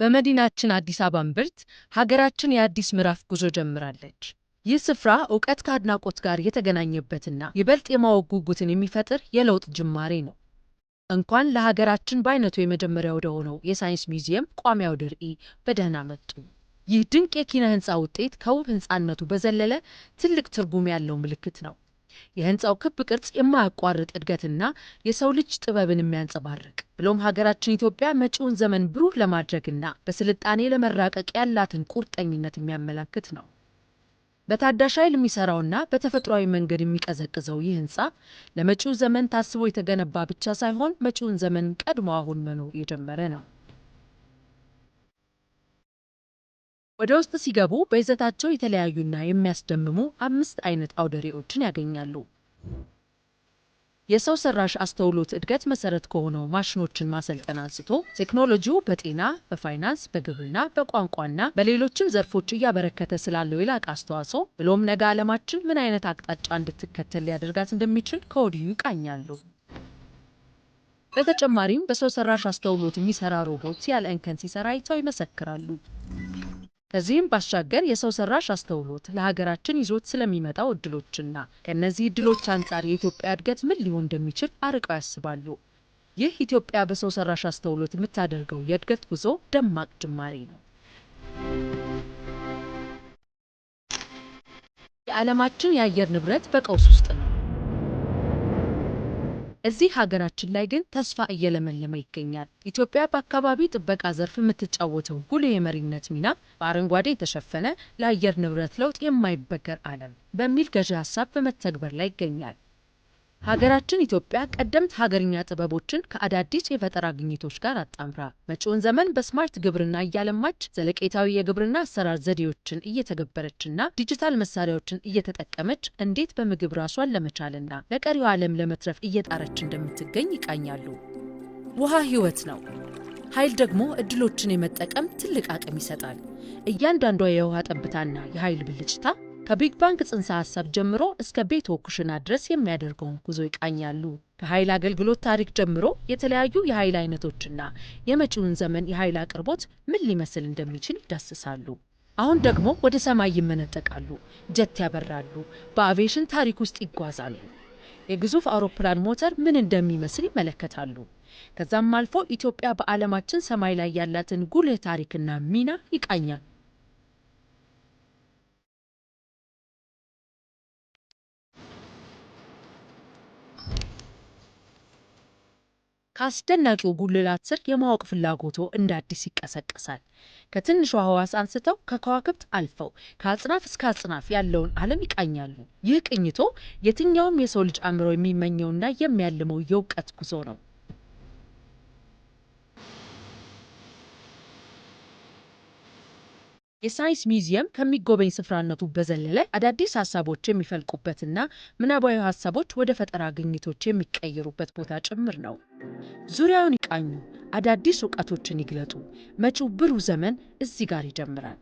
በመዲናችን አዲስ አበባን ብርት ሀገራችን የአዲስ ምዕራፍ ጉዞ ጀምራለች። ይህ ስፍራ እውቀት ከአድናቆት ጋር የተገናኘበትና ይበልጥ የማወቅ ጉጉትን የሚፈጥር የለውጥ ጅማሬ ነው። እንኳን ለሀገራችን በአይነቱ የመጀመሪያ ሆነው የሳይንስ ሚዚየም ቋሚ አውደ ርዕይ በደህና መጡ። ይህ ድንቅ የኪነ ህንፃ ውጤት ከውብ ህንፃነቱ በዘለለ ትልቅ ትርጉም ያለው ምልክት ነው። የህንፃው ክብ ቅርጽ የማያቋርጥ እድገትና የሰው ልጅ ጥበብን የሚያንጸባርቅ ብሎም ሀገራችን ኢትዮጵያ መጪውን ዘመን ብሩህ ለማድረግና በስልጣኔ ለመራቀቅ ያላትን ቁርጠኝነት የሚያመላክት ነው። በታዳሽ ኃይል የሚሰራውና በተፈጥሯዊ መንገድ የሚቀዘቅዘው ይህ ህንፃ ለመጪው ዘመን ታስቦ የተገነባ ብቻ ሳይሆን መጪውን ዘመን ቀድሞ አሁን መኖር የጀመረ ነው። ወደ ውስጥ ሲገቡ በይዘታቸው የተለያዩና የሚያስደምሙ አምስት አይነት አውደ ርዕዮችን ያገኛሉ። የሰው ሰራሽ አስተውሎት እድገት መሰረት ከሆነው ማሽኖችን ማሰልጠን አንስቶ ቴክኖሎጂው በጤና፣ በፋይናንስ፣ በግብርና፣ በቋንቋና በሌሎችም ዘርፎች እያበረከተ ስላለው የላቀ አስተዋጽኦ ብሎም ነገ ዓለማችን ምን አይነት አቅጣጫ እንድትከተል ሊያደርጋት እንደሚችል ከወዲሁ ይቃኛሉ። በተጨማሪም በሰው ሰራሽ አስተውሎት የሚሰራ ሮቦት ያለ እንከን ሲሰራ አይተው ይመሰክራሉ። ከዚህም ባሻገር የሰው ሰራሽ አስተውሎት ለሀገራችን ይዞት ስለሚመጣው እድሎችና ከእነዚህ እድሎች አንጻር የኢትዮጵያ እድገት ምን ሊሆን እንደሚችል አርቀው ያስባሉ። ይህ ኢትዮጵያ በሰው ሰራሽ አስተውሎት የምታደርገው የእድገት ጉዞ ደማቅ ጅማሬ ነው። የዓለማችን የአየር ንብረት በቀውስ ውስጥ ነው። እዚህ ሀገራችን ላይ ግን ተስፋ እየለመለመ ይገኛል። ኢትዮጵያ በአካባቢ ጥበቃ ዘርፍ የምትጫወተው ጉልህ የመሪነት ሚና በአረንጓዴ የተሸፈነ ለአየር ንብረት ለውጥ የማይበገር ዓለም በሚል ገዢ ሀሳብ በመተግበር ላይ ይገኛል። ሀገራችን ኢትዮጵያ ቀደምት ሀገርኛ ጥበቦችን ከአዳዲስ የፈጠራ ግኝቶች ጋር አጣምራ መጪውን ዘመን በስማርት ግብርና እያለማች ዘለቄታዊ የግብርና አሰራር ዘዴዎችን እየተገበረችና ዲጂታል መሳሪያዎችን እየተጠቀመች እንዴት በምግብ ራሷን ለመቻልና ለቀሪው ዓለም ለመትረፍ እየጣረች እንደምትገኝ ይቃኛሉ። ውሃ ሕይወት ነው። ኃይል ደግሞ እድሎችን የመጠቀም ትልቅ አቅም ይሰጣል። እያንዳንዷ የውሃ ጠብታና የኃይል ብልጭታ ከቢግ ባንክ ጽንሰ ሀሳብ ጀምሮ እስከ ቤቶ ኩሽና ድረስ የሚያደርገውን ጉዞ ይቃኛሉ። ከኃይል አገልግሎት ታሪክ ጀምሮ የተለያዩ የኃይል አይነቶችና የመጪውን ዘመን የኃይል አቅርቦት ምን ሊመስል እንደሚችል ይዳስሳሉ። አሁን ደግሞ ወደ ሰማይ ይመነጠቃሉ፣ ጀት ያበራሉ፣ በአቪዬሽን ታሪክ ውስጥ ይጓዛሉ። የግዙፍ አውሮፕላን ሞተር ምን እንደሚመስል ይመለከታሉ። ከዛም አልፎ ኢትዮጵያ በዓለማችን ሰማይ ላይ ያላትን ጉልህ ታሪክና ሚና ይቃኛል። ከአስደናቂው ጉልላት ስር የማወቅ ፍላጎቶ እንደ አዲስ ይቀሰቀሳል። ከትንሿ ህዋስ አንስተው ከከዋክብት አልፈው ከአጽናፍ እስከ አጽናፍ ያለውን ዓለም ይቃኛሉ። ይህ ቅኝቶ የትኛውም የሰው ልጅ አእምሮ የሚመኘውና የሚያልመው የእውቀት ጉዞ ነው። የሳይንስ ሚዚየም ከሚጎበኝ ስፍራነቱ በዘለለ አዳዲስ ሀሳቦች የሚፈልቁበትና ምናባዊ ሀሳቦች ወደ ፈጠራ ግኝቶች የሚቀየሩበት ቦታ ጭምር ነው። ዙሪያውን ይቃኙ፣ አዳዲስ እውቀቶችን ይግለጡ። መጪው ብሩህ ዘመን እዚህ ጋር ይጀምራል።